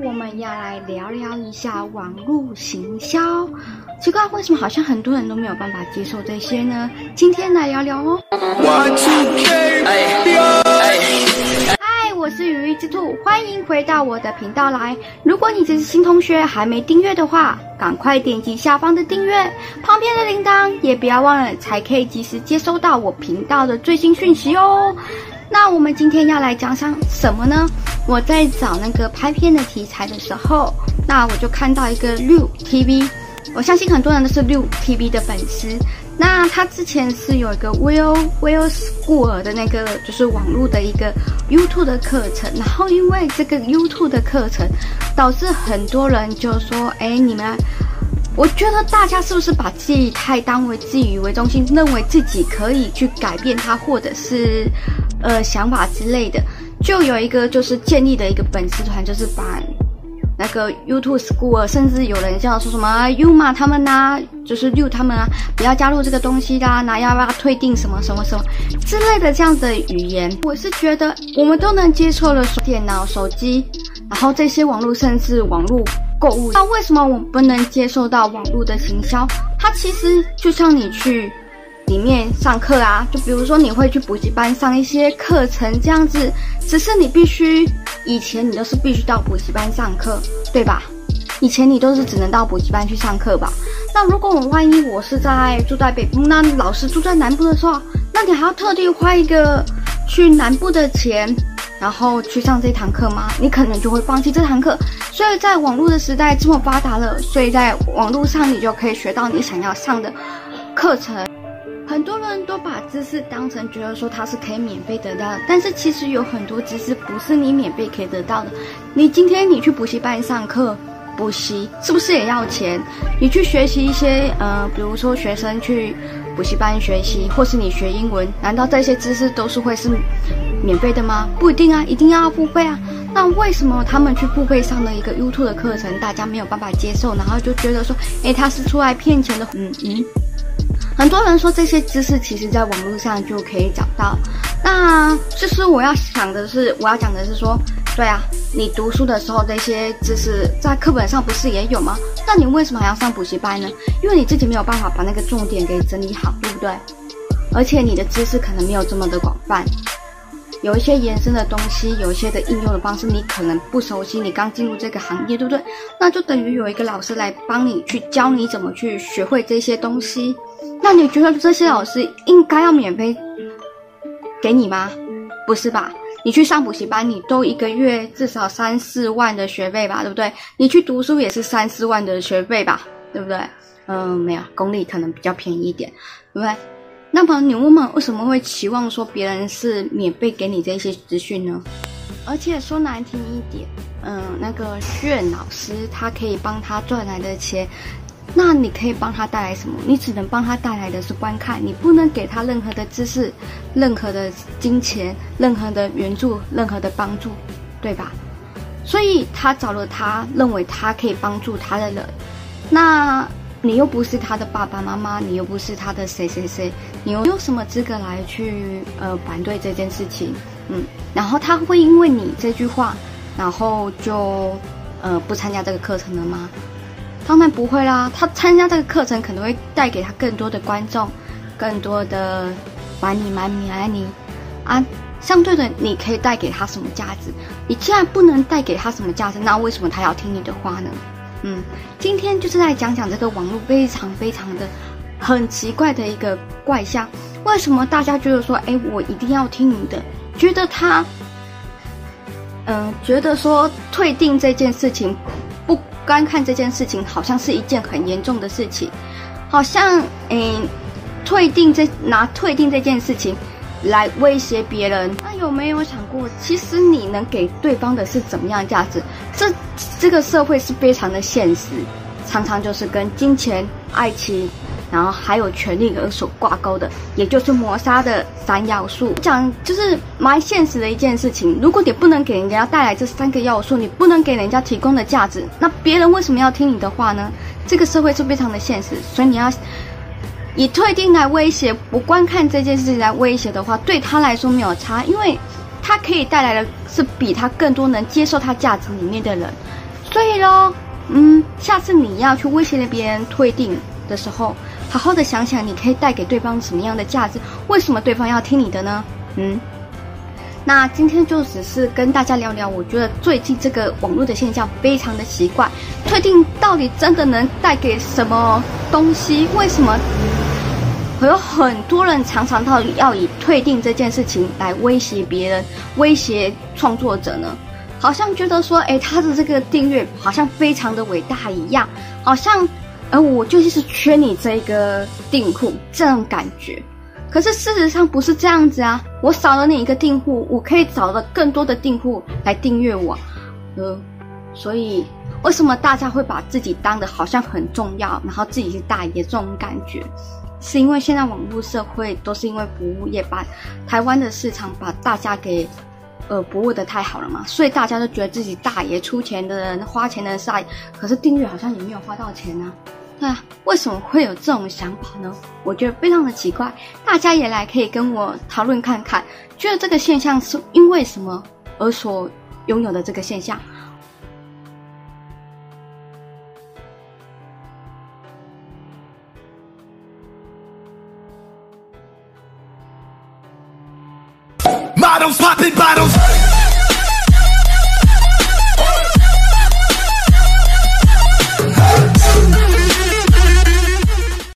我們要來聊聊一下網路行銷，奇怪，為什麼好像很多人都沒有辦法接受這些呢？今天來聊聊哦。嗨，我是羽翼之兔，歡迎回到我的頻道來。如果你只是新同學，還沒訂閱的話，趕快點擊下方的訂閱，旁邊的鈴鐺也不要忘了，才可以及時接收到我頻道的最新訊息哦。那我們今天要來講講什麼呢？我在找那個拍片的題材的時候，那我就看到一個六 TV，我相信很多人都是六 TV 的粉絲。那他之前是有一個 Will Will School 的那個，就是網絡的一個 YouTube 的課程。然後因為這個 YouTube 的課程，導致很多人就說：“哎，你們，我覺得大家是不是把自己太當為自以為中心，認為自己可以去改變他，或者是？”呃，想法之類的，就有一個就是建立的一個粉絲團，就是把那個 YouTube School，甚至有人叫說什麼 Uma 他們吶、啊，就是 U 他們啊，不要加入這個東西啦、啊，拿要不要退訂什麼什麼什麼之類的這樣的語言，我是覺得我們都能接受了電腦、手機，然後這些網絡甚至網絡購物，那、啊、為什麼我們不能接受到網絡的行銷？它其實就像你去。裡面上課啊，就比如說你會去補習班上一些課程這樣子，只是你必須以前你都是必須到補習班上課，對吧？以前你都是只能到補習班去上課吧？那如果我萬一我是在住在北部，那老師住在南部的時候，那你還要特地花一個去南部的錢，然後去上這堂課嗎？你可能就會放棄這堂課。所以在網路的時代這麼發達了，所以在網路上你就可以學到你想要上的課程。很多人都把知識當成覺得說它是可以免費得到的，但是其實有很多知識不是你免費可以得到的。你今天你去補習班上課補習，是不是也要錢？你去學習一些，呃，比如說學生去補習班學習，或是你學英文，難道這些知識都是會是免費的嗎？不一定啊，一定要付費啊。那為什麼他們去付費上了一個 YouTube 的課程，大家沒有辦法接受，然後就覺得說，誒，他是出來騙錢的？嗯嗯。很多人說這些知識其實在網絡上就可以找到，那其實、就是、我要想的是，我要講的是說，對啊，你讀書的時候，這些知識在課本上不是也有嗎？那你為什麼還要上補習班呢？因為你自己沒有辦法把那個重點給整理好，對不對？而且你的知識可能沒有這麼的廣泛，有一些延伸的東西，有一些的應用的方式你可能不熟悉，你剛進入這個行業，對不對？那就等於有一個老師來幫你去教你怎麼去學會這些東西。那你覺得這些老師應該要免費給你嗎？不是吧？你去上補習班，你都一個月至少三四萬的學費吧，對不對？你去讀書也是三四萬的學費吧，對不對？嗯，沒有，公立可能比較便宜一點，對不對？那麼你為什為什麼會期望說別人是免費給你這些資訊呢？而且說難聽一點，嗯，那個炫老師他可以幫他賺來的錢。那你可以幫他帶來什麼？你只能幫他帶來的是觀看，你不能給他任何的知識、任何的金錢、任何的援助、任何的幫助，對吧？所以他找了他認為他可以幫助他的人，那你又不是他的爸爸媽媽，你又不是他的誰誰誰，你又有什麼資格來去呃反對這件事情？嗯，然後他會因為你這句話，然後就呃不參加這個課程了嗎？當然不會啦，他參加這個課程可能會帶給他更多的觀眾，更多的買你買你、買你啊，相對的你可以帶給他什麼價值？你既然不能帶給他什麼價值，那為什麼他要聽你的話呢？嗯，今天就是來講講這個網絡非常非常的很奇怪的一個怪象，為什麼大家覺得說，哎、欸，我一定要聽你的？覺得他，嗯，覺得說退訂這件事情。觀看這件事情好像是一件很嚴重的事情，好像，嗯、欸，退訂這拿退訂這件事情來威脅別人，那有沒有想過，其實你能給對方的是怎麼樣的價值？這，這個社會是非常的現實，常常就是跟金錢、愛情。然後還有權利和手掛鈎的，也就是磨砂的三要素。講就是蠻現實的一件事情。如果你不能給人家帶來這三個要素，你不能給人家提供的價值，那別人為什麼要聽你的話呢？這個社會是非常的現實，所以你要以退訂來威脅，不觀看這件事情來威脅的話，對他來說沒有差，因為他可以帶來的是比他更多能接受他價值裡面的人。所以咯，嗯，下次你要去威脅別人退訂的時候。好好的想想，你可以帶給對方什麼樣的價值？為什麼對方要聽你的呢？嗯，那今天就只是跟大家聊聊。我覺得最近這個網絡的現象非常的奇怪，退訂到底真的能帶給什麼東西？為什麼有很多人常常到底要以退訂這件事情來威脅別人、威脅創作者呢？好像覺得說，誒、欸，他的這個訂閱好像非常的偉大一樣，好像。而我就是缺你這一個訂戶這種感覺，可是事實上不是這樣子啊！我少了你一個訂戶，我可以找到更多的訂戶來訂閱我，嗯、呃，所以為什麼大家會把自己當得好像很重要，然後自己是大爺這種感覺，是因為現在網絡社會都是因為服務業把台灣的市場把大家給，呃，服務得太好了嘛，所以大家都覺得自己大爺出錢的人花錢的人是大爺，可是訂閱好像也沒有花到錢呢、啊。對啊，為什麼會有這種想法呢？我覺得非常的奇怪，大家也來可以跟我討論看看，覺得這個現象是因為什麼而所擁有的這個現象。